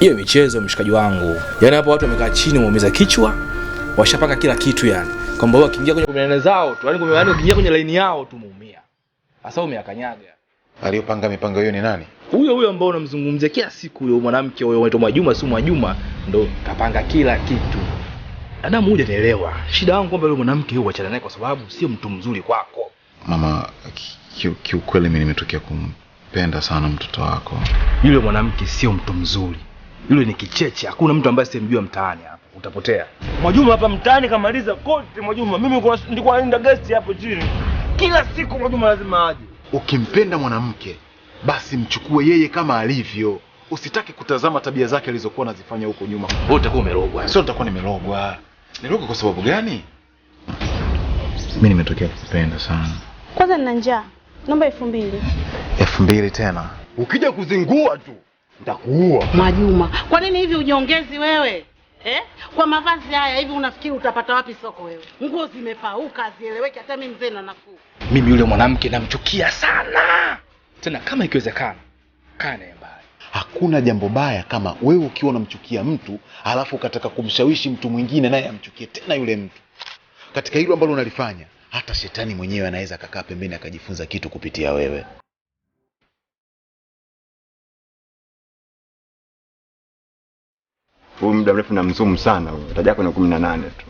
hiyo michezo mshikaji wangu, Yaani hapo watu wamekaa chini waumeza kichwa, washapanga kila kitu yani kwamba wakiingia kwenye kumenene zao tu, yani kumenene yaani ukiingia kwenye line yao tu muumia. Sasa umeakanyaga. Aliyopanga mipango hiyo ni nani? Huyo huyo ambao unamzungumzia kila siku, huyo mwanamke huyo anaitwa Mwajuma, si Mwajuma, ndo kapanga kila kitu. Adamu huja nielewa. Shida yangu kwamba yule mwanamke huyo achana naye kwa sababu sio mtu mzuri kwako. Mama, kiukweli ki, ki, mimi nimetokea kum penda sana mtoto wako. Yule mwanamke sio mtu mzuri, yule ni kicheche. Hakuna mtu ambaye simjua mtaani hapa, utapotea. Mwajuma hapa mtaani kamaliza kote. Mwajuma mimi nilikuwa naenda guest hapo chini kila siku, Mwajuma lazima aje. Ukimpenda mwanamke basi mchukue yeye kama alivyo, usitaki kutazama tabia zake alizokuwa anazifanya huko nyuma. Wewe utakuwa umerogwa. Sio, utakuwa nimerogwa. Nirogwa kwa sababu gani? Mimi nimetokea kukupenda sana. Kwanza nina njaa, naomba elfu mbili elfu mbili tena. Ukija kuzingua tu nitakuua. Mwajuma, kwa nini hivi ujiongezi wewe eh? Kwa mavazi haya hivi unafikiri utapata wapi soko wewe? Nguo zimepauka hazieleweki, hata mimi mzee na nafuu. Mimi yule mwanamke namchukia sana, tena kama ikiwezekana kane mbali. Hakuna jambo baya kama wewe ukiwa unamchukia mtu alafu ukataka kumshawishi mtu mwingine naye amchukie tena yule mtu. Katika hilo ambalo unalifanya, hata shetani mwenyewe anaweza akakaa pembeni akajifunza kitu kupitia wewe. huu muda mrefu na mzumu sana huyu, taja kwenye kumi na nane tu.